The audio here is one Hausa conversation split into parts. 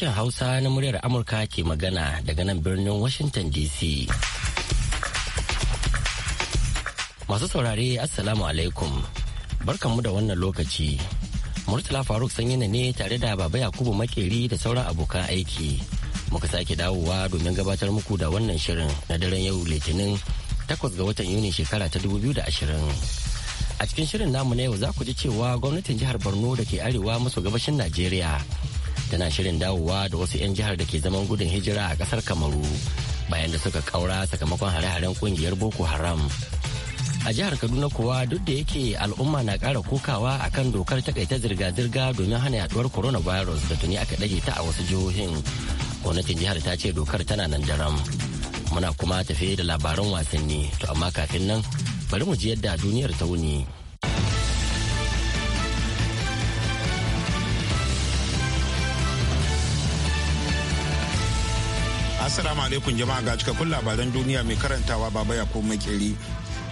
sashen Hausa na muryar Amurka ke magana daga nan birnin Washington DC. Masu saurare Assalamu alaikum. Barkanmu da wannan lokaci. Murtala Faruk na ne tare da Baba Yakubu Makeri da sauran abokan aiki. Muka sake dawowa domin gabatar muku da wannan shirin na daren yau Litinin 8 ga watan Yuni shekara ta dubu da ashirin. a cikin shirin namu na yau za ku ji cewa gwamnatin jihar borno da ke arewa maso gabashin najeriya tana shirin dawowa da wasu 'yan jihar da ke zaman gudun hijira a kasar kamaru bayan da suka kaura sakamakon hare-haren kungiyar boko haram a jihar kaduna kuwa duk da yake al'umma na kara kokawa a kan dokar takaita zirga-zirga domin hana yaduwar coronavirus da tuni aka ɗage ta a wasu jihohin gwamnatin jihar ta ce dokar tana nan daram muna kuma tafe da labaran wasanni to amma kafin nan bari mu ji yadda duniyar ta wuni. Assalamu alaikum jama'a ga cikakkun labaran duniya mai karantawa baba ya ko kiri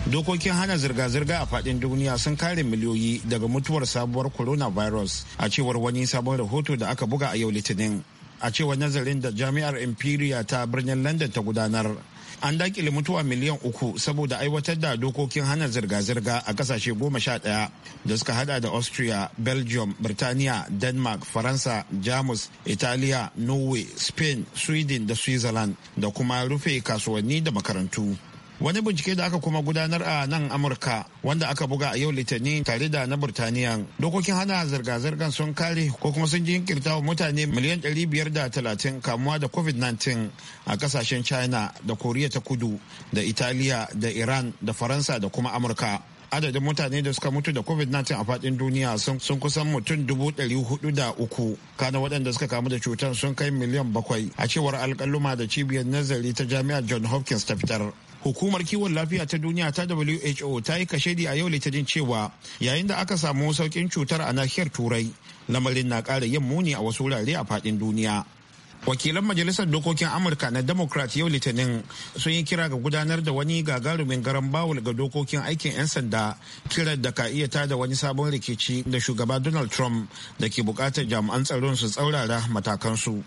dokokin hana zirga-zirga a fadin duniya sun kare miliyoyi daga mutuwar sabuwar coronavirus a cewar wani sabon rahoto da aka buga a yau litinin a cewar nazarin da jami'ar imperiya ta birnin london ta gudanar an dakile mutuwa miliyan uku saboda aiwatar da dokokin hana zirga-zirga a kasashe goma sha ɗaya da suka hada da austria belgium birtaniya denmark faransa jamus italiya norway spain sweden da switzerland da kuma rufe kasuwanni da makarantu wani bincike da aka kuma gudanar a nan amurka wanda aka buga a yau litani tare da na burtaniya dokokin hana zirga-zirgar sun kare ko kuma sun jinkirta wa mutane miliyan 530 kamuwa da covid-19 a kasashen china da koriya ta kudu da italiya da iran da faransa da kuma amurka adadin mutane da suka mutu da covid-19 a fadin duniya sun kusan mutum dubu hudu da uku kana waɗanda suka kamu da cutar sun kai miliyan bakwai a cewar alkaluma da cibiyar nazari ta jami'ar john hopkins ta fitar hukumar kiwon lafiya ta duniya ta who ta yi kashedi a yau litinin cewa yayin da aka samu saukin cutar a nahiyar turai lamarin na ƙara yin muni a wasu wurare a faɗin duniya wakilan majalisar dokokin amurka na democrat yau litinin sun yi kira ga gudanar da wani gagarumin garan bawul ga dokokin aikin 'yan sanda kiran da ka iya tada wani sabon rikici da shugaba donald trump da ke bukatar jami'an tsaron su tsaurara matakansu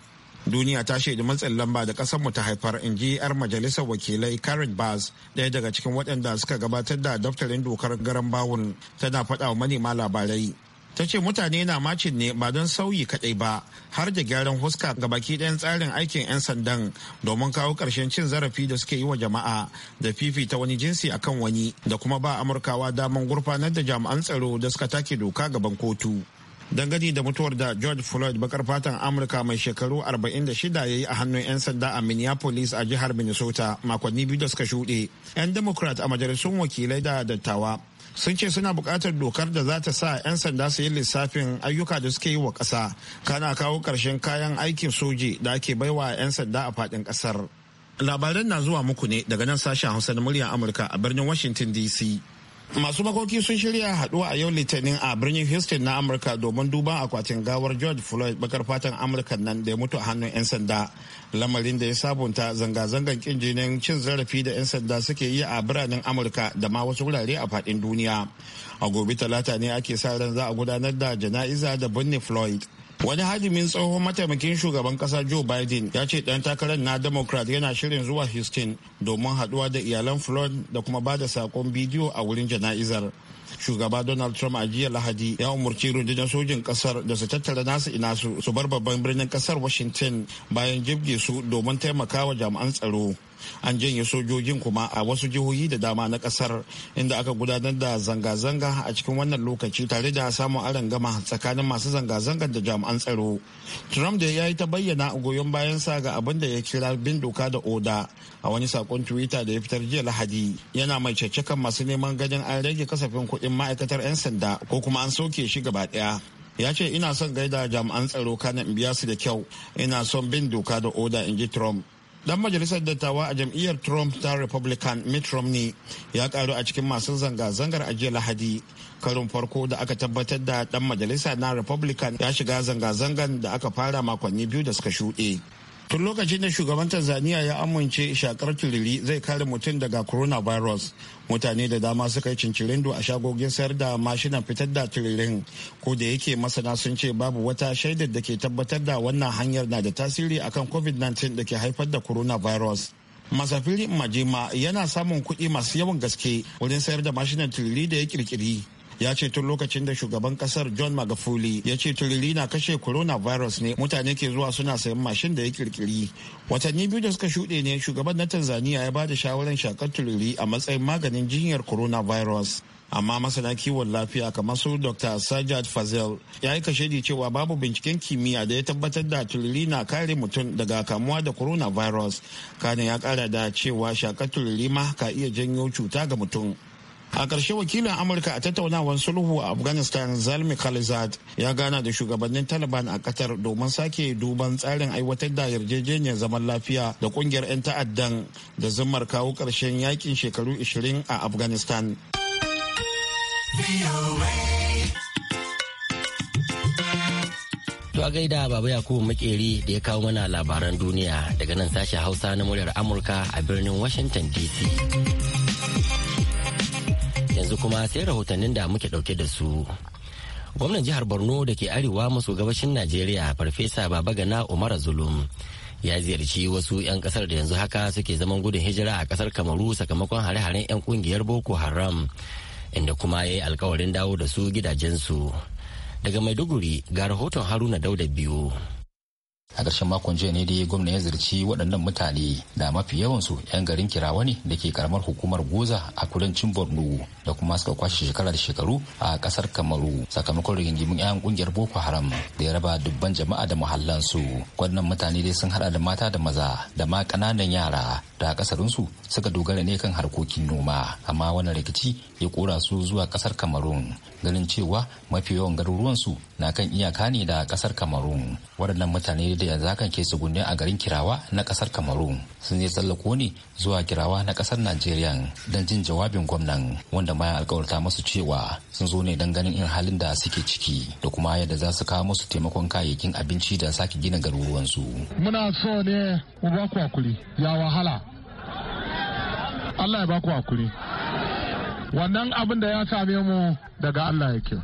duniya ta shaidi matsin lamba da kasanmu ta haifar in ji 'yar majalisar wakilai karen bas ɗaya daga cikin waɗanda suka gabatar da daftarin dokar garan bawun tana faɗa wa manema labarai ta ce mutane na macin ne ba don sauyi kaɗai ba har da gyaran huska ga baki ɗayan tsarin aikin 'yan sandan domin kawo ƙarshen cin zarafi da suke yi wa jama'a da fifita wani jinsi akan wani da kuma ba amurkawa daman gurfanar da jami'an tsaro da suka take doka gaban kotu dangane da mutuwar da george floyd bakar fatan amurka mai shekaru 46 ya yi a hannun 'yan sanda a minneapolis a jihar minnesota makonni biyu da suka shuɗe 'yan democrat a majalisun wakilai da dattawa sun ce suna bukatar dokar da za ta sa 'yan sanda su yi lissafin ayyuka da suke yi wa ƙasa kana kawo ƙarshen kayan aikin soji da ake baiwa 'yan sanda a faɗin ƙasar labaran na zuwa muku ne daga nan sashen hausa na muryar amurka a birnin washington dc masu makoki sun shirya haduwa a yau litinin a birnin houston na amurka domin duban akwatin gawar george floyd bakar fatan amurka nan da ya mutu a hannun 'yan sanda lamarin da ya sabunta zanga-zangan kin jinin cin zarafi da 'yan sanda suke yi a biranen amurka da ma wasu wurare a fadin duniya a gobe talata ne ake sa ran za a gudanar da jana'iza da binne floyd wani hajimin tsohon mataimakin shugaban kasa joe biden ya ce dan takarar na democrat yana shirin zuwa houston domin haduwa da iyalan floyd da kuma ba da sakon bidiyo a wurin jana'izar shugaba donald trump a jiya lahadi ya umarci rundunar sojin kasar da su tattara nasu ina su bar babban birnin kasar washington bayan jibge su domin taimakawa jami'an tsaro an janye sojojin kuma a wasu jihohi da dama na kasar inda aka gudanar da zanga-zanga a cikin wannan lokaci tare da samun gama tsakanin masu zanga-zangar da jami'an tsaro trump da ya yi ta bayyana goyon bayan sa ga abin da ya kira bin doka da oda a wani sakon twitter da ya fitar jiya lahadi yana mai cecekan masu neman ganin an rage kasafin kuɗin ma'aikatar 'yan sanda ko kuma an soke shi gaba ɗaya ya ce ina son gaida jami'an tsaro kana in biya su da kyau ina son bin doka da oda in ji trump Dan majalisar dattawa a jam'iyyar Trump ta Republican Mitt Romney ya karu a cikin masu zanga-zangar a jiya Lahadi. Karin farko da aka tabbatar da dan majalisa na Republican ya shiga zanga-zangan da aka fara makonni biyu da suka shuɗe. tun lokacin da shugaban tanzania ya amince shakar tiriri zai kare mutum daga coronavirus mutane da dama suka yi cincirindo a shagogin sayar da mashinan fitar da turirin ko da yake masana sun ce babu wata shaidar da ke tabbatar da wannan hanyar na da tasiri akan covid-19 da ke haifar da coronavirus masafiri majima yana samun kuɗi masu yawan gaske wurin sayar da mashinan tiriri da ya kirkiri ya ce tun lokacin da shugaban kasar john magafuli ya ce turili na kashe coronavirus ne mutane ke zuwa suna sayan mashin da ya kirkiri watanni biyu da suka shuɗe ne shugaban na tanzania ya ba da shawarar shakar turili a matsayin maganin jinyar coronavirus amma masana kiwon lafiya kamar su dr sajad fazel ya yi kashedi cewa babu binciken kimiyya da ya tabbatar da tururi na kare mutum daga kamuwa da coronavirus kane ya kara da cewa shakar tururi ma ka iya janyo cuta ga mutum a ƙarshe wakilin amurka a tattaunawar sulhu a afghanistan zalmi khalizad ya gana da shugabannin taliban a qatar domin sake duban tsarin aiwatar da yarjejeniyar zaman lafiya da kungiyar 'yan ta'addan da zimmar kawo ƙarshen yakin shekaru 20 a afghanistan To a gaida Baba Yakubu Makeri da ya kawo mana labaran duniya daga nan sashen Hausa na muryar Amurka a birnin Washington DC. yanzu kuma sai rahotannin da muke dauke da su gwamnan jihar borno da ke arewa maso gabashin najeriya farfesa babagana umar zulum ya ziyarci wasu 'yan kasar da yanzu haka suke zaman gudun hijira a kasar kamaru sakamakon hare-haren 'yan kungiyar boko haram inda kuma ya yi alkawarin dawo da su gidajensu daga maiduguri ga rahoton haruna dauda biyu a ƙarshen makon jiya ne dai gwamna ya zirci waɗannan mutane da mafi yawansu 'yan garin kirawa ne da ke karamar hukumar goza a kudancin borno da kuma suka kwashe shekara da shekaru a ƙasar kamaru sakamakon rigingimin 'yan ƙungiyar boko haram da ya raba dubban jama'a da muhallansu waɗannan mutane dai sun haɗa da mata da maza da ma ƙananan yara da ƙasarinsu suka dogara ne kan harkokin noma amma wannan rikici ya kora su zuwa ƙasar kamarun ganin cewa mafi yawan garuruwansu na kan iyaka ne da ƙasar kamarun waɗannan mutane da yanzu haka ke tsugunne a garin kirawa na kasar kamaru sun yi tsallako ne zuwa kirawa na kasar nigeria don jin jawabin gwamnan wanda bayan alkawarta masu cewa sun zo ne don ganin irin halin da suke ciki da kuma yadda za su kawo musu taimakon kayayyakin abinci da sake gina garuruwansu muna so ne mu ba ku hakuri ya wahala Allah ya ba ku hakuri wannan abin da ya same mu daga Allah yake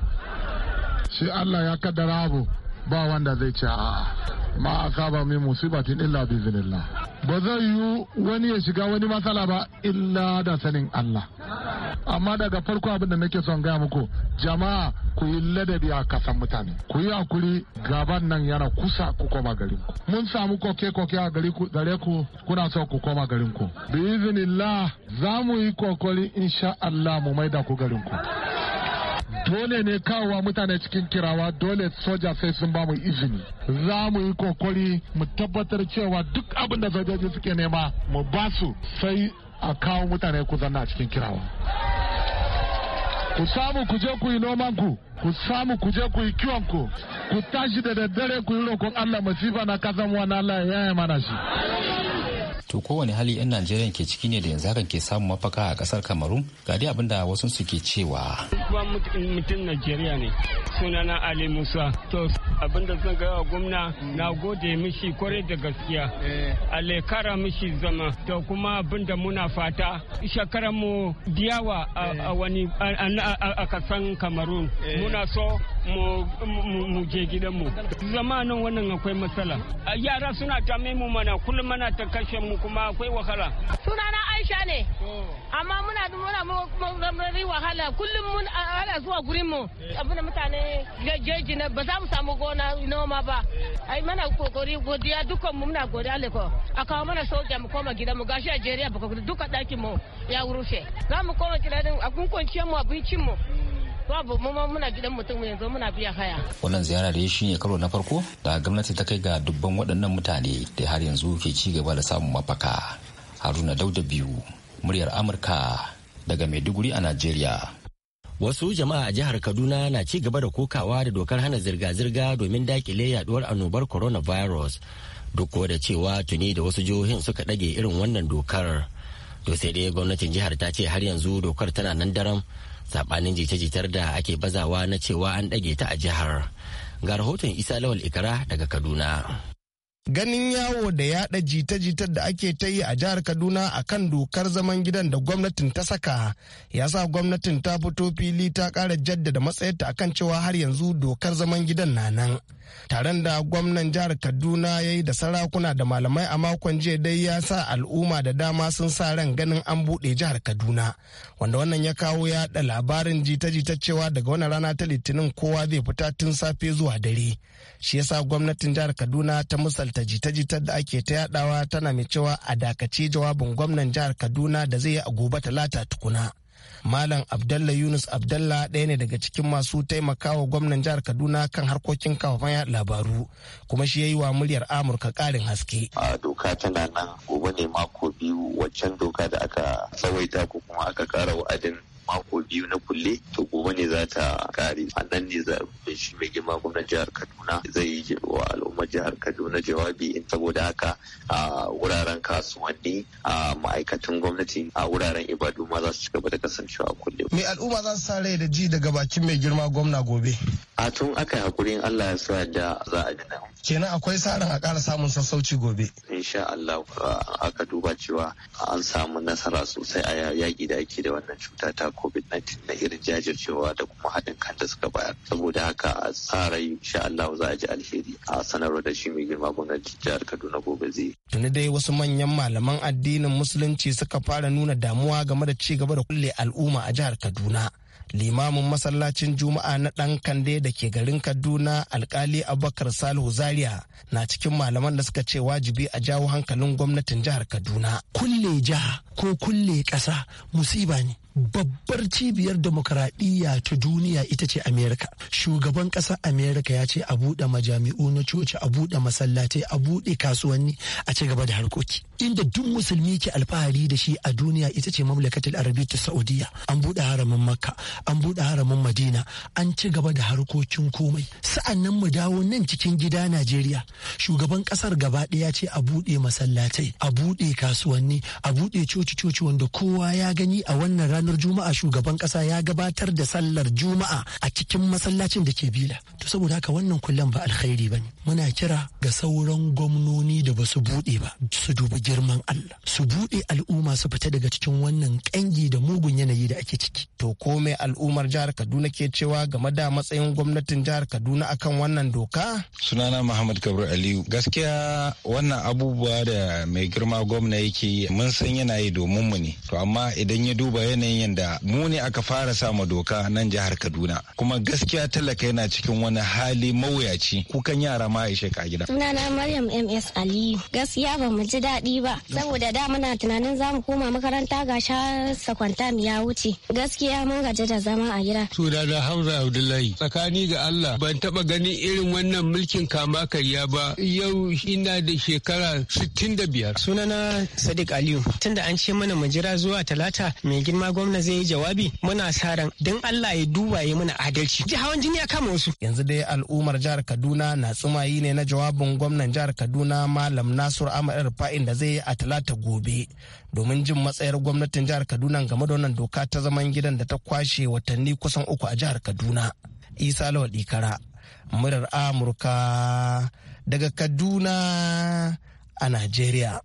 shi Allah ya kaddara abu ba wanda zai ci. a'a ma ba min musibatin illa bi ba zai yi wani ya shiga wani matsala ba illa da sanin Allah amma daga farko abin da nake son gaya muku jama'a ku yi ladabi a kasan mutane ku yi hakuri gaban nan yana kusa ku koma garin ku mun samu koke koke a gare ku kuna so ku koma garin ku bi iznillah za mu yi kokari insha Allah mu maida ku garin ku dole ne kawowa mutane cikin kirawa dole soja sai sun ba mu izini za mu yi kokari mu tabbatar cewa duk abin da sojoji suke nema mu ba su sai a kawo mutane ku zanna cikin kirawa ku samu ku je ku yi nomanku ku samu ku je ku yi kiwonku ku tashi da daddare ku yi roƙon allah masifa na kazanwa na allah ya yi mana shi to kowane hali 'yan najeriya ke ciki ne da yanzu hakan ke samun mafaka a kasar kamaru ga dai abinda wasu suke cewa kuma mutum najeriya ne sunana ali musa to abinda zan wa gwamna na gode mishi kwarai da gaskiya eh. ale kara mishi zama to kuma abinda muna fata shekaran mu diyawa eh. a wani a kasan kamarun eh. muna so mu je gidanmu zamanin wannan akwai matsala yara suna ta mu mana kullum mana ta kashe mu kuma akwai wahala. Sunana Aisha ne. Amma muna muna murari wahala kullum mun ala zuwa gurin mu. Eh. Abin mutane jeji na ba za mu samu gona noma ba. Eh. Ai mana kokori godiya dukkan mu muna godiya leko. A kawo mana soja mu koma gida mu gashi Najeriya baka duka dakin mu ya wurushe. Za mu koma gida din abun kwanciyar mu abincin mu. babu mu muna gidan mutum yanzu muna biya haya wannan ziyara da shi ne karo na farko da gwamnati ta kai ga dubban waɗannan mutane da har yanzu ke ci gaba da samun mafaka haruna dauda biyu muryar amurka daga maiduguri a najeriya wasu jama'a a jihar kaduna na ci gaba da kokawa da dokar hana zirga-zirga domin dakile yaduwar annobar coronavirus duk da cewa tuni da wasu jihohin suka ɗage irin wannan dokar to sai dai gwamnatin jihar ta ce har yanzu dokar tana nan daram sabanin jita-jitar da ake bazawa na cewa an ɗage ta a jihar ga rahoton isa lawal ikara daga kaduna ganin yawo da yada jita-jitar da ake ta yi a jihar kaduna a kan dokar zaman gidan da gwamnatin ta saka ya sa gwamnatin ta fito fili ta kara jaddada matsayarta akan cewa har yanzu dokar zaman gidan na nan taron da gwamnan jihar kaduna ya yi da sarakuna da malamai a makon jiya dai ya sa al'umma da dama sun sa ran ganin an buɗe jihar kaduna wanda wannan ya kawo ya da labarin jita-jita cewa daga wani rana ta litinin kowa zai fita tun safe zuwa dare shi ya sa gwamnatin jihar kaduna ta musalta jita jita da ake ta yadawa tana mai cewa a dakaci jawabin gwamnan jihar kaduna da zai yi a gobe talata tukuna Malam Abdalla Yunus Abdalla ɗaya ne daga cikin masu taimakawa gwamnan jihar Kaduna kan harkokin kafafen yaɗa labaru kuma shi ya wa muryar Amurka ƙarin haske. A doka tana nan gobe ne mako biyu waccan doka da aka tsawaita ko kuma aka ƙara wa'adin mako biyu na kulle to gobe ne za ta kare a nan ne za shi mai girma gwamnan jihar kaduna zai yi wa al'ummar jihar kaduna jawabi in saboda haka a wuraren kasuwanni a ma'aikatan gwamnati a wuraren ibadu ma za su ci gaba da kasancewa kulle. me al'umma za su sa rai da ji daga bakin mai girma gwamna gobe. a tun aka yi hakuri in allah ya sa da za a gina. kenan akwai sa ran a ƙara samun sassauci gobe. insha allah aka duba cewa an samu nasara sosai a yaƙi da ake da wannan cuta ta covid-19 na irin jajircewa da kuma haɗin kan da suka bayar saboda haka a tsara insha Allah za a ji alheri a sanarwa da shi mai girma gwamnati jihar Kaduna gobe zai tuni dai wasu manyan malaman addinin musulunci suka fara nuna damuwa game da ci gaba da kulle al'umma a jihar Kaduna limamin masallacin juma'a na ɗan kande da ke garin kaduna alkali abubakar salihu zaria na cikin malaman da suka ce wajibi a jawo hankalin gwamnatin jihar kaduna kulle jiha ko kulle ƙasa musiba ne babbar cibiyar demokradiyya ta duniya ita ce amerika shugaban ƙasar amerika ya ce a buɗe majami'u na coci a buɗe masallatai a buɗe kasuwanni a ci gaba da harkoki inda duk musulmi ke alfahari da shi a duniya ita ce mamlakatul ta saudiya an buɗe haramin makka an buɗe haramin madina an ci gaba da harkokin komai Sa'an nan mu dawo nan cikin gida najeriya shugaban ƙasar gaba ɗaya ce a buɗe masallatai a buɗe kasuwanni a buɗe coci-coci wanda kowa ya gani a wannan ranar ranar juma'a shugaban kasa ya gabatar da sallar juma'a a cikin masallacin da ke bila to saboda haka wannan kullum ba alkhairi ba ne muna kira ga sauran gwamnoni da ba su buɗe ba su dubi girman Allah su buɗe al'umma su fita daga cikin wannan kangi da mugun yanayi da ake ciki to ko mai al'ummar jihar Kaduna ke cewa game da matsayin gwamnatin jihar Kaduna akan wannan doka sunana Muhammad Kabir Aliyu gaskiya wannan abubuwa da mai girma gwamna yake mun san yana yi domin mu ne to amma idan ya duba yanayin yanayin yadda mu ne aka fara sama doka nan jihar Kaduna kuma gaskiya talaka yana cikin wani hali mawuyaci kukan yara ma ya sheka gida. Sunana Maryam MS Aliyu gaskiya ba mu ji daɗi ba saboda da muna tunanin za mu koma makaranta ga sha mu ya wuce gaskiya mun gaji da zama a gida. Sunana Hamza Abdullahi tsakani ga Allah ban taɓa ganin irin wannan mulkin kama karya ba yau ina da shekara sittin da 65. Sunana Sadiq Aliyu tunda an ce mana mu jira zuwa talata mai girma gwamna zai yi jawabi muna sa ran don Allah ya duba ya muna adalci ji hawan jini ya kama wasu yanzu dai al'ummar jihar Kaduna na tsumayi ne na jawabin gwamnan jihar Kaduna Malam Nasur Ahmad Fain da zai yi a talata gobe domin jin matsayar gwamnatin jihar Kaduna game da wannan doka ta zaman gidan da ta kwashe watanni kusan uku a jihar Kaduna Isa Lawal Ikara murar Amurka daga Kaduna a Najeriya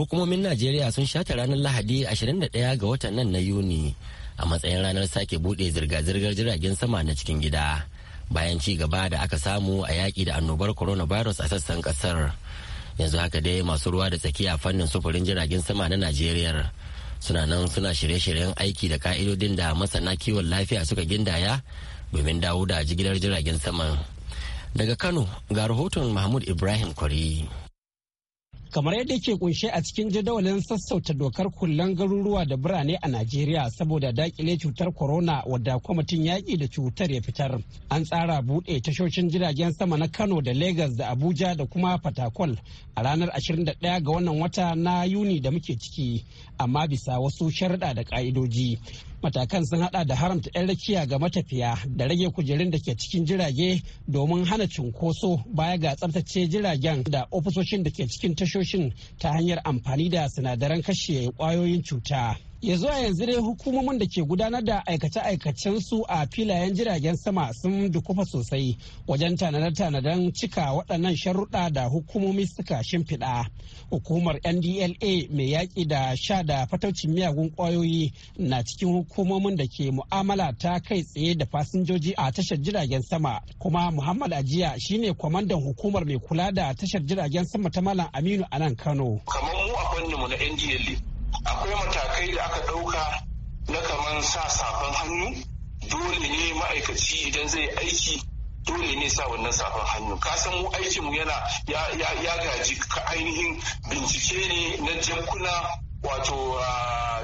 hukumomin najeriya sun shata ranar lahadi 21 ga watan nan na yuni a matsayin ranar sake bude zirga-zirgar jiragen sama na cikin gida bayan ci gaba da aka samu a yaƙi da annobar coronavirus a sassan ƙasar yanzu haka dai masu ruwa da tsakiya fannin sufurin jiragen sama na najeriya suna nan suna shirye-shiryen aiki da ka'idodin da masana kiwon lafiya suka gindaya domin dawo da jigilar jiragen saman daga kano ga rahoton mahmud ibrahim kwari kamar yadda ke kunshe a cikin jadawalin sassauta dokar kullan garuruwa da birane a najeriya saboda dakile cutar corona wadda kwamitin yaƙi da cutar ya fitar an tsara buɗe tashoshin jiragen sama na kano da lagos da abuja da kuma fatakwal a ranar 21 ga wannan wata na yuni da muke ciki amma bisa wasu sharaɗa da ƙa'idoji matakan sun hada da haramta 'yan rakiya ga matafiya da rage kujerun da ke cikin jirage domin hana cunkoso baya ga tsabtace jiragen da ofisoshin da ke cikin tashoshin ta hanyar amfani da sinadaran kashe kwayoyin cuta. ya zuwa yanzu dai hukumomin da ke gudanar da aikace-aikacen su a filayen jiragen sama sun dukufa sosai wajen tanadar-tanadan cika waɗannan sharuɗa da hukumomi suka shimfiɗa hukumar ndla mai yaƙi da sha da fataucin miyagun ƙwayoyi na cikin hukumomin da ke mu'amala ta kai tsaye da fasinjoji a tashar jiragen sama kuma muhammad ajiya shine kwamandan hukumar mai kula da tashar jiragen sama ta malam aminu a nan kano kamar mu a mu na ndla akwai matakai da aka ɗauka na kaman sa safan hannu dole ne ma'aikaci idan zai aiki dole ne sa wannan safan hannu ka san mu aikin mu yana ya gaji ka ainihin bincike ne na jakuna wato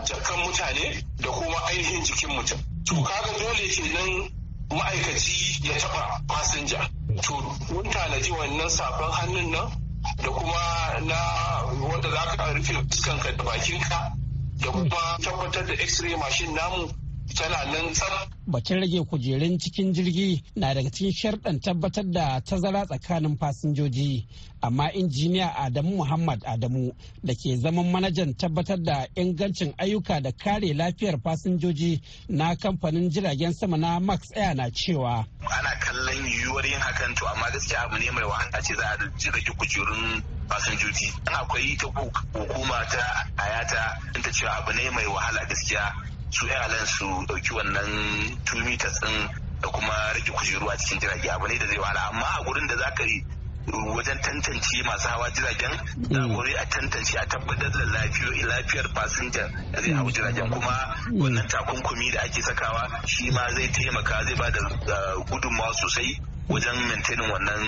jakan mutane da kuma ainihin jikin mutum to kaga dole kenan ma'aikaci ya taɓa fasinja to mun tanaji wannan safan hannun nan da kuma na wanda za ka rufe fuskanka da bakinka da kuma tabbatar da x-ray mashin namu tana nan Bakin rage kujerun cikin jirgi na daga cikin sharɗan tabbatar da tazara tsakanin fasinjoji, amma injiniya Adamu Muhammad Adamu da ke zaman manajan tabbatar da ingancin ayyuka da kare lafiyar fasinjoji na kamfanin jiragen sama na Max Air na cewa. Ana kallon yiwuwar yin hakan to amma gaskiya abu ne mai wahala ce za a rage kujerun fasinjoji. Ana akwai ta hukuma ta ayata ta cewa abu ne mai wahala gaskiya su yalan su dauki wannan 2 meters din da kuma rage kujeru a cikin jirage abu ne da zai wahala amma a gurin da za ka yi wajen tantance masu hawa jiragen da wuri a tantance a tabbatar da lafiyar fasinja da zai hau jiragen kuma wannan takunkumi da ake sakawa shi ma zai taimaka zai ba da eh, gudunmawa sosai wajen maintain wannan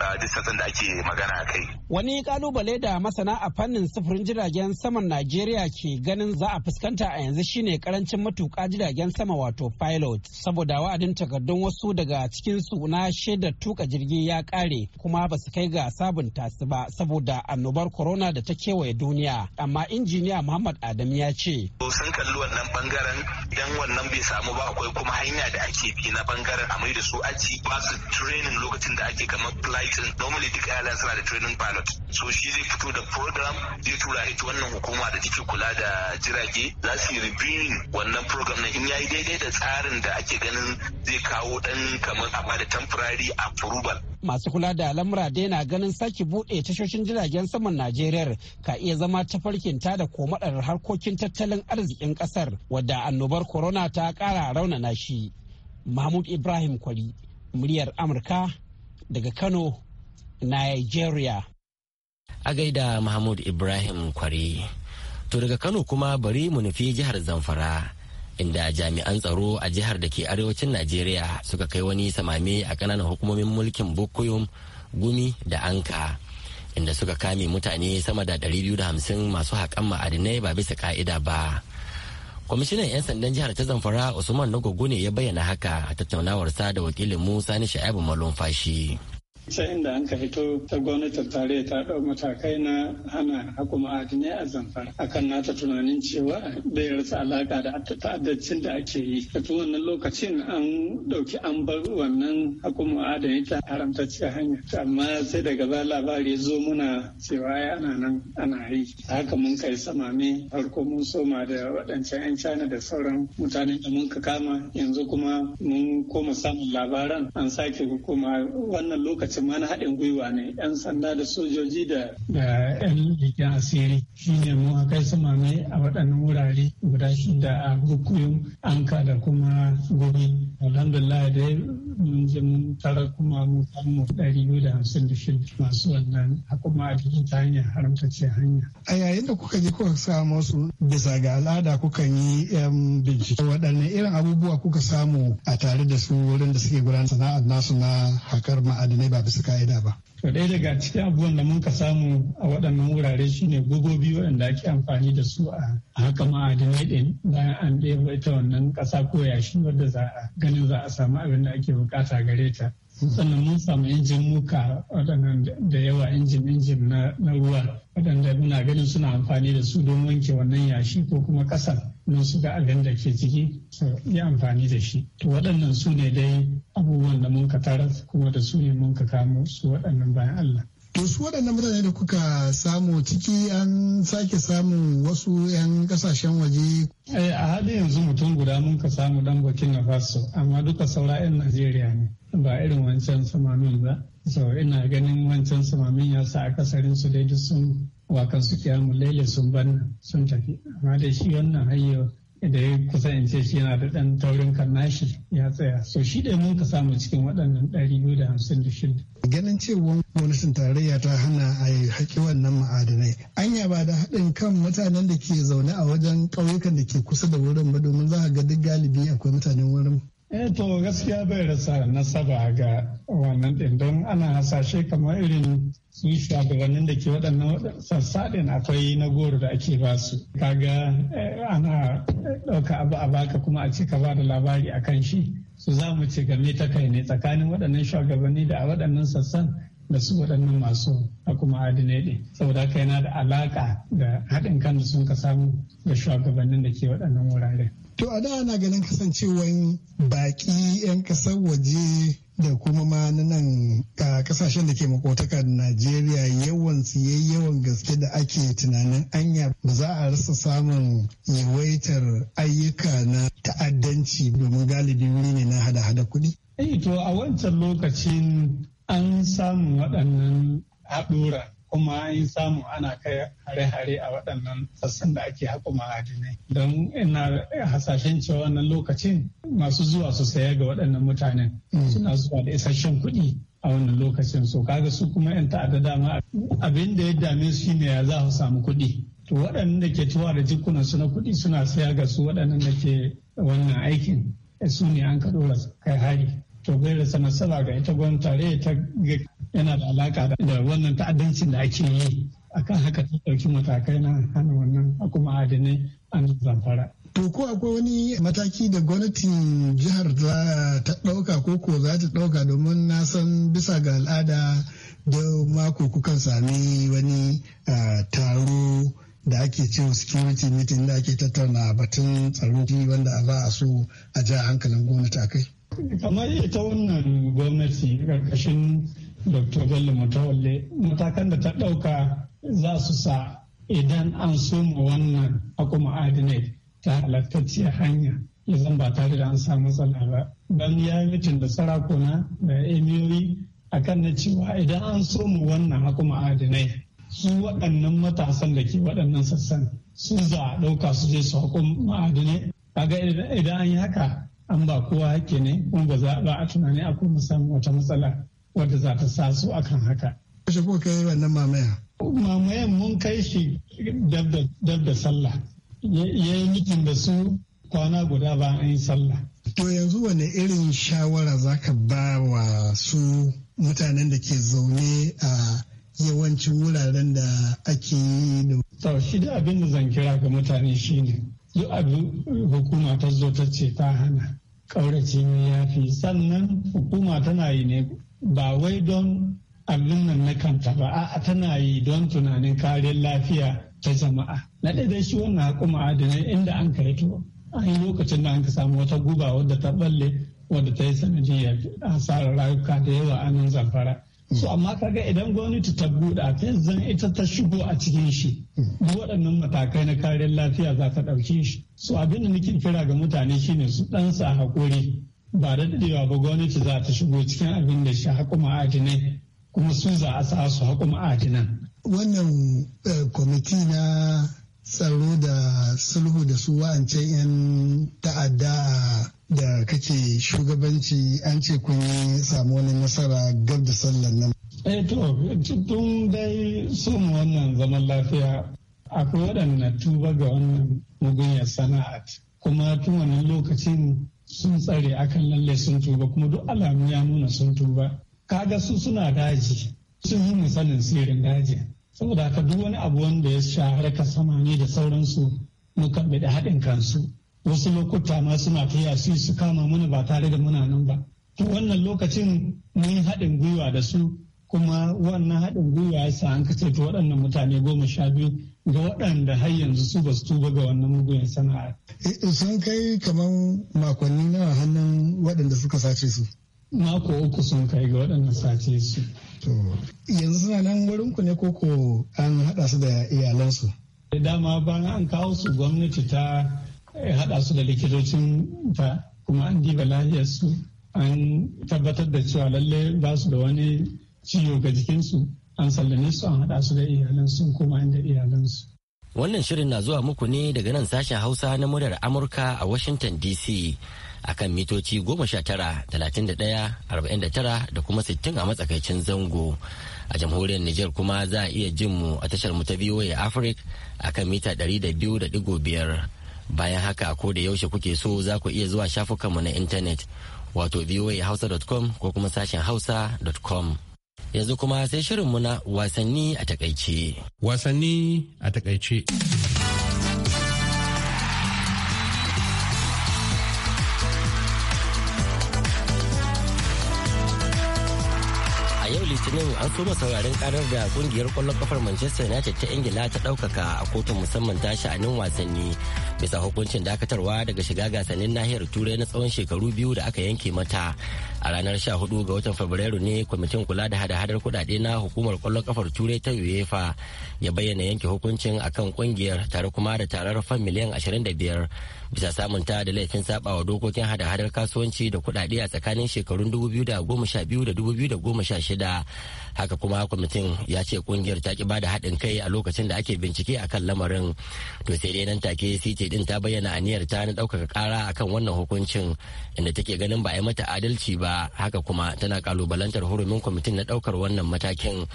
uh, distancing da ake magana a kai. Wani kalubale da masana a fannin sufurin jiragen saman Najeriya ke ganin za a fuskanta a yanzu shine karancin matuka jiragen sama wato pilot saboda wa'adin takardun wasu daga cikin su na shaidar tuka jirgi ya kare kuma ba su kai ga sabunta su ba saboda annobar corona da ta kewaye duniya amma injiniya Muhammad Adam ya ce. Sun kalli wannan bangaren idan wannan bai samu ba akwai kuma hanya da ake bi na bangaren mai da su aji ba su training lokacin da ake kamar flight normally duk airlines suna da training pilot so shi zai fito da program zai tura ita wannan hukuma da take kula da jirage za su yi reviewing wannan program na in yayi daidai da tsarin da ake ganin zai kawo dan kamar a bada temporary approval masu kula da al'amura dai na ganin sake bude tashoshin jiragen saman najeriya ka iya zama tafarkin ta da komadar harkokin tattalin arzikin kasar wadda annobar corona ta kara raunana shi mahmud ibrahim kwari muryar amurka daga kano nigeria a gaida mahmud ibrahim kwari to daga kano kuma bari mu nufi jihar zamfara inda jami'an tsaro a jihar da ke arewacin najeriya suka kai wani samame a kananan hukumomin mulkin bukuyum gumi da anka inda suka kame mutane sama da 250 masu haƙan ma'adinai ba bisa ka'ida ba kwamishinan 'yan sandan jihar ta zamfara usman na ne ya bayyana haka a tattaunawar sa da wakilin musa na sha'abu malumfashi sai inda an ka fito ta gwamnatin tarayya ta ɗau matakai na hana haƙo ma'adinai a zamfara akan nata tunanin cewa bai rasa alaƙa da ta'addancin da ake yi da tun wannan lokacin an ɗauki an bar wannan haƙo ma'adinai ta haramtacciya hanya amma sai daga baya labari ya zo muna cewa yana ana nan ana yi haka mun kai samame farko mun soma da waɗancan 'yan china da sauran mutanen da mun ka kama yanzu kuma mun koma samun labaran an sake kuma wannan lokacin lokacin ma haɗin gwiwa ne yan sanda da sojoji da yan leƙen asiri shine mu a kai sama mai a waɗannan wurare guda shida a rukuyin anka da kuma gobe alhamdulillah da mun je mun tara kuma mun samu ɗari biyu da hamsin da shida masu wannan a kuma a cikin ta hanya haramta ce hanya a yayin da kuka je kuka samu su bisa ga al'ada kukan yi bincike waɗanne irin abubuwa kuka samu a tare da su wurin da suke gudanar sana'ar nasu na hakar ma'adanai ba bisa ka'ida ba. To ɗaya daga cikin abubuwan da mun ka samu a waɗannan wurare shine biyu waɗanda ake amfani da su a haka ma'adinai ɗin bayan an ɗaya ita wannan ƙasa ko yashi wadda za a ganin za a samu abin da ake buƙata gare ta. sannan mun samu injin muka waɗannan da yawa injin injin na ruwa waɗanda muna ganin suna amfani da su don wanke wannan yashi ko kuma ƙasar don su abin da ke ciki su yi amfani da shi to waɗannan su ne dai abubuwan da mun ka tara kuma da su ne mun ka kamo su waɗannan bayan Allah To su waɗannan mutane da kuka samu ciki an sake samu wasu 'yan kasashen waje? Eh, a halin yanzu mutum guda mun ka samu dan na Faso, amma duka saura 'yan Najeriya ne, ba irin wancan samamin ba. So ina ganin wancan samamin ya sa akasarin su dai sun wakan su mu lele sun ban sun tafi amma da shi wannan hanyar da ya kusa in ce shi yana da ɗan taurin karnashi ya tsaya so shi da mun ka samu cikin waɗannan ɗari biyu da hamsin da shida. ganin cewa gwamnatin tarayya ta hana a yi haƙi wannan ma'adanai anya ba da haɗin kan mutanen da ke zaune a wajen ƙauyukan da ke kusa da wurin ba domin za a ga duk galibi akwai mutanen wurin Eto eh, gaskiya bai rasa nasaba ga wannan din don ana hasashe kamar irin su shugabannin da ke waɗannan sassaɗin akwai na goro da ake ba su. Kaga eh, ana ɗauka abu a baka kuma a cika ba da labari a kan shi. Su za mu ce game ta kai ne tsakanin waɗannan shugabanni da a waɗannan sassan da su waɗannan masu a kuma adinai ɗin saboda haka yana da alaƙa da haɗin kan da sun ka samu da shugabannin da ke waɗannan wuraren. To a da ana ganin kasancewan baƙi 'yan kasar waje da kuma ma na nan kasashen da ke makotaka da Najeriya yawan siye yawan gaske da ake tunanin anya ba za a rasa samun yawaitar ayyuka na ta'addanci domin galibi wuri ne na hada-hada kuɗi. Eh to a wancan lokacin an samu waɗannan haɗura kuma in samu ana kai hare-hare a waɗannan sassan da ake haƙo ma'adinai don ina hasashen cewa wannan lokacin masu zuwa su saya ga waɗannan mutanen suna zuwa da isasshen kuɗi a wannan lokacin so kaga su kuma 'yan ta'adda dama abin da ya dame su shine ya za su samu kuɗi to waɗannan da ke tuwa da jikunan su na kuɗi suna saya ga su waɗannan da ke wannan aikin su ne an ka ɗora kai hari to bai da sanar ga ita gwamnati tare ta yana da alaka da wannan ta'addancin da ake yi a kan haka ta ɗauki matakai na hana wannan a kuma adane a nan zamfara. To ko akwai wani mataki da gwamnati jihar za ta ɗauka ko ko za ta ɗauka domin na san bisa ga al'ada da mako kukan sami wani eh, taro da ake cewa security meeting da ake tattauna batun tsaro wanda a ba a so a ja hankalin gwamnati a kai. Kamar ita wannan gwamnati ƙarƙashin dr bello matawalle matakan da ta ɗauka za su sa idan an soma wannan akuma ma'adinai ta halattacciyar hanya ya zan ba tare da an samu matsala ba don ya yi mutum da sarakuna da emiyoyi akan na cewa idan an soma wannan hakuma adinai su waɗannan matasan da ke waɗannan sassan su za a ɗauka su je su haƙo ma'adinai kaga idan an yi haka an ba kowa hakki ne kuma ba za a tunani akwai samun wata matsala Wanda za ta sa su akan haka. Kashe kuka kai wannan mamaya? Mamayan mun kai shi dab da sallah. Ya yi mitin da su kwana guda ba an yi sallah. To yanzu wane irin shawara za ka ba wa su mutanen da ke zaune a yawancin wuraren da ake yi da. Tau shi da abin da zan kira ga mutane shine duk abin hukuma ta zo ta ce ta hana. Ƙaurace ya fi sannan hukuma tana yi ne ba wai don allon na kanta ba a'a tana yi don tunanin kariyar lafiya ta jama'a na ɗaya shi wannan hakuma adinai inda an kaito an yi lokacin da an ka samu wata guba wadda ta balle wadda ta yi sanadiyar asarar rayuka da yawa a nan zamfara so amma kaga idan gwamnati ta buɗa ta zan ita ta shigo a cikin shi duk waɗannan matakai na kariyar lafiya za ta ɗauke shi Su abinda da nake kira ga mutane shine su ɗansa sa hakuri ba da ba gwamnati za ta shigo cikin abin da shi haƙo ma'adinai kuma su za a sa su haƙo ma'adinan. Wannan eh, kwamiti na tsaro da sulhu da su wa'ancan 'yan ta'adda da kake shugabanci an ce kun yi samu wani nasara gab da sallan nan. Eh to, tun dai son wannan zaman lafiya akwai waɗanda tuba ga wannan mugunyar sana'at. Kuma tun wannan lokacin sun tsare akan lalle sun tuba kuma duk alamu ya nuna sun tuba kaga su suna daji sun yi misalin sirrin daji saboda haka duk wani abu wanda ya sha ka sama ne da sauransu muka da haɗin kansu wasu lokuta ma suna tafiya su su kama mana ba tare da muna nan ba to wannan lokacin mun yi haɗin gwiwa da su kuma wannan haɗin gwiwa ya sa an kace to waɗannan mutane goma sha biyu ga waɗanda har yanzu su ba tuba ga wannan mugun sana'a. Eh, sun kai kamar makonni nawa hannun waɗanda suka sace su. Mako uku sun kai ga waɗanda sace su. Yanzu suna nan wurin ku ne koko an haɗa su da iyalansu. Dama bayan an kawo su gwamnati ta eh, haɗa su da likitocin ta kuma an diba su an tabbatar da cewa lalle ba su da wani ciwo ga jikinsu. an sallame su an haɗa su da iyalansu sun koma inda iyalansu. Wannan shirin na zuwa muku ne daga nan sashen Hausa na muryar Amurka a Washington DC akan mitoci 19 49 da kuma 60 a matsakaicin zango. A jamhuriyar Nijar kuma za a iya jin mu a tashar mu ta VOA Africa akan mita da 200.5. Bayan haka ko da yaushe kuke so za ku iya zuwa shafukanmu na intanet wato voahausa.com ko kuma sashen hausa.com. yanzu kuma sai shirinmu na wasanni a takaice. Wasanni a takaice. litinin an soma sauraren karar da kungiyar kwallon kafar manchester united ta ingila ta daukaka a kotun musamman ta sha'anin wasanni bisa hukuncin dakatarwa daga shiga gasannin nahiyar turai na tsawon shekaru biyu da aka yanke mata a ranar 14 ga watan fabrairu ne kwamitin kula da hada-hadar kudade na hukumar kwallon kafar turai ta uefa ya bayyana yanke hukuncin akan kungiyar tare kuma da tarar fan miliyan 25 bisa samunta da laifin sabawa dokokin hada-hadar kasuwanci da kuɗaɗe a tsakanin shekarun 2012 da 2016 haka kuma kwamitin ya ce kungiyar ta ki bada haɗin kai a lokacin da ake bincike a kan lamarin to sai dai nan take cj din ta bayyana aniyar ta na ɗaukaka ƙara akan wannan hukuncin inda take ganin ba a yi mata adalci ba haka kuma tana kalubalantar hurumin kwamitin na ɗaukar wannan matakin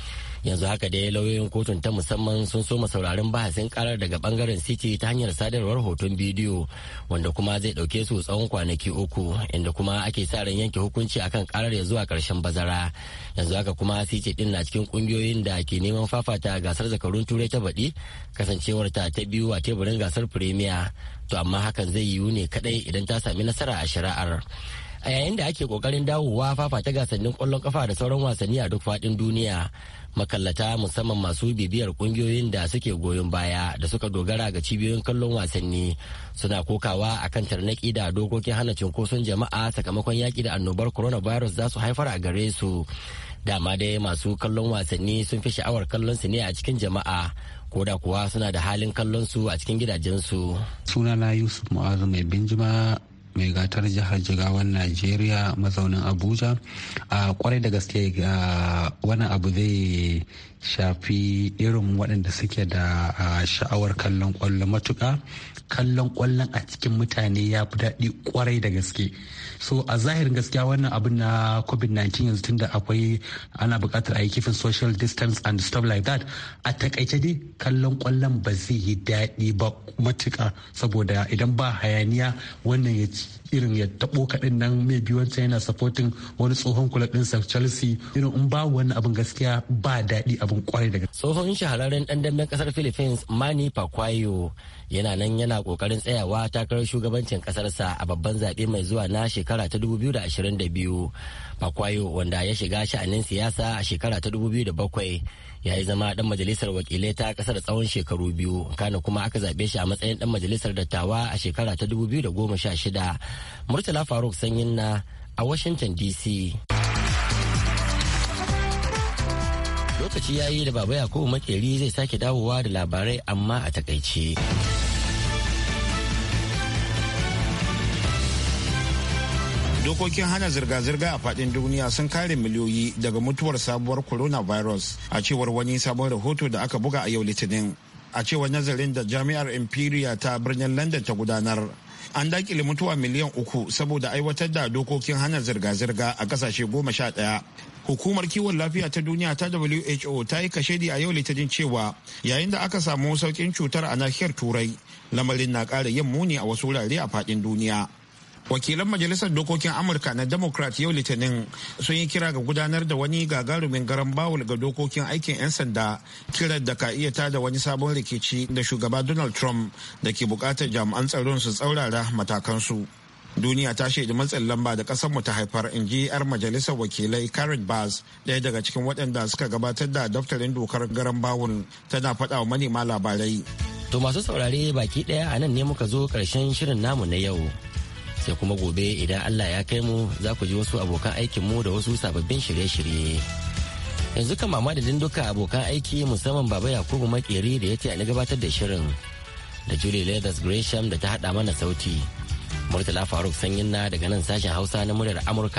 yanzu haka dai lauyoyin kotun ta musamman sun soma sauraren bahasin karar daga bangaren city ta hanyar sadarwar hoton bidiyo wanda kuma zai ɗauke su tsawon kwanaki uku inda kuma ake sa ran yanke hukunci akan karar ya zuwa karshen bazara yanzu haka kuma sice din na cikin ƙungiyoyin da ke neman fafata gasar zakarun turai ta baɗi kasancewar ta ta biyu a teburin gasar firemiya to amma hakan zai yiwu ne kaɗai idan ta sami nasara a shari'ar a yayin da ake kokarin dawowa fafata gasannin kwallon kafa da sauran wasanni a duk faɗin duniya makallata musamman masu bibiyar kungiyoyin da suke goyon baya da suka dogara ga cibiyoyin kallon wasanni suna kokawa akan tarnaki da dokokin hana cunkoson jama'a sakamakon yaki da annobar coronavirus za su haifar a gare su dama dai masu kallon wasanni sun fi sha'awar kallon su ne a cikin jama'a ko da kuwa suna da halin kallon su a cikin gidajensu sunana yusuf mu'azu mai binjima mai gatar jihar jigawan najeriya mazaunin abuja a kwarai da gaske wani abu zai shafi irin waɗanda suke da sha'awar kallon kwallo matuƙa kallon ƙwallon a cikin mutane ya fi daɗi ƙwarai da gaske so a zahirin gaskiya wannan abin na covid-19 yanzu tunda akwai ana buƙatar a yi kifin social distance and stuff like that a takaice dai kallon kwallon ba zai yi daɗi ba matuka saboda idan ba hayaniya wannan ya irin ya tabo kaɗin nan mai biyu wancan yana sapotin wani tsohon kula sa chelsea irin in ba wani abin gaskiya ba daɗi abin kwarai daga tsohon shahararren ɗan damben ƙasar philippines mani pacquiao yana nan yana ƙoƙarin tsayawa takarar shugabancin ƙasarsa a babban zaɓe mai zuwa na shekara ta 2022 pacquiao wanda ya shiga sha'anin siyasa a shekara ta 2007 ya yi zama dan majalisar wakilai ta kasar tsawon shekaru biyu kana kuma aka zaɓe shi a matsayin dan majalisar dattawa a shekara ta 2016 murtala faruk sanyin na a washington dc lokaci ya yi da baba yakubu makeri zai sake dawowa da labarai amma a takaice. dokokin hana zirga-zirga a fadin duniya sun kare miliyoyi daga mutuwar sabuwar coronavirus a cewar wani sabon rahoto da aka buga a yau litinin a cewar nazarin da jami'ar imperial ta birnin london ta gudanar an dakile mutuwa miliyan uku saboda aiwatar da dokokin hana zirga-zirga a kasashe goma sha ɗaya hukumar kiwon lafiya ta duniya ta who ta yi kashedi a yau litinin cewa yayin da aka samu saukin cutar a nahiyar turai lamarin na ƙara yin muni a wasu wurare a faɗin duniya wakilan majalisar dokokin amurka na democrat yau litinin sun yi kira ga gudanar da wani gagarumin garan bawul ga dokokin aikin 'yan sanda kiran da ka iya tada wani sabon rikici da shugaba donald trump da ke bukatar jami'an tsaron su tsaurara matakansu duniya ta shaidi matsin lamba da kasar mu ta haifar in ji yar majalisar wakilai karen bas daya daga cikin waɗanda suka gabatar da daftarin dokar garan bawul tana faɗa wa manema labarai to masu saurare baki ɗaya a nan ne muka zo karshen shirin namu na yau sai kuma gobe idan Allah ya kai mu za ku ji wasu abokan aikin mu da wasu sababbin shirye-shirye. Yanzu kan mama da duka abokan aiki musamman Baba Yakubu Makeri da ya ce ni gabatar da shirin da Julie Leathers Gresham da ta haɗa mana sauti. Murtala Faruk Sanyin na daga nan sashen Hausa na muryar Amurka.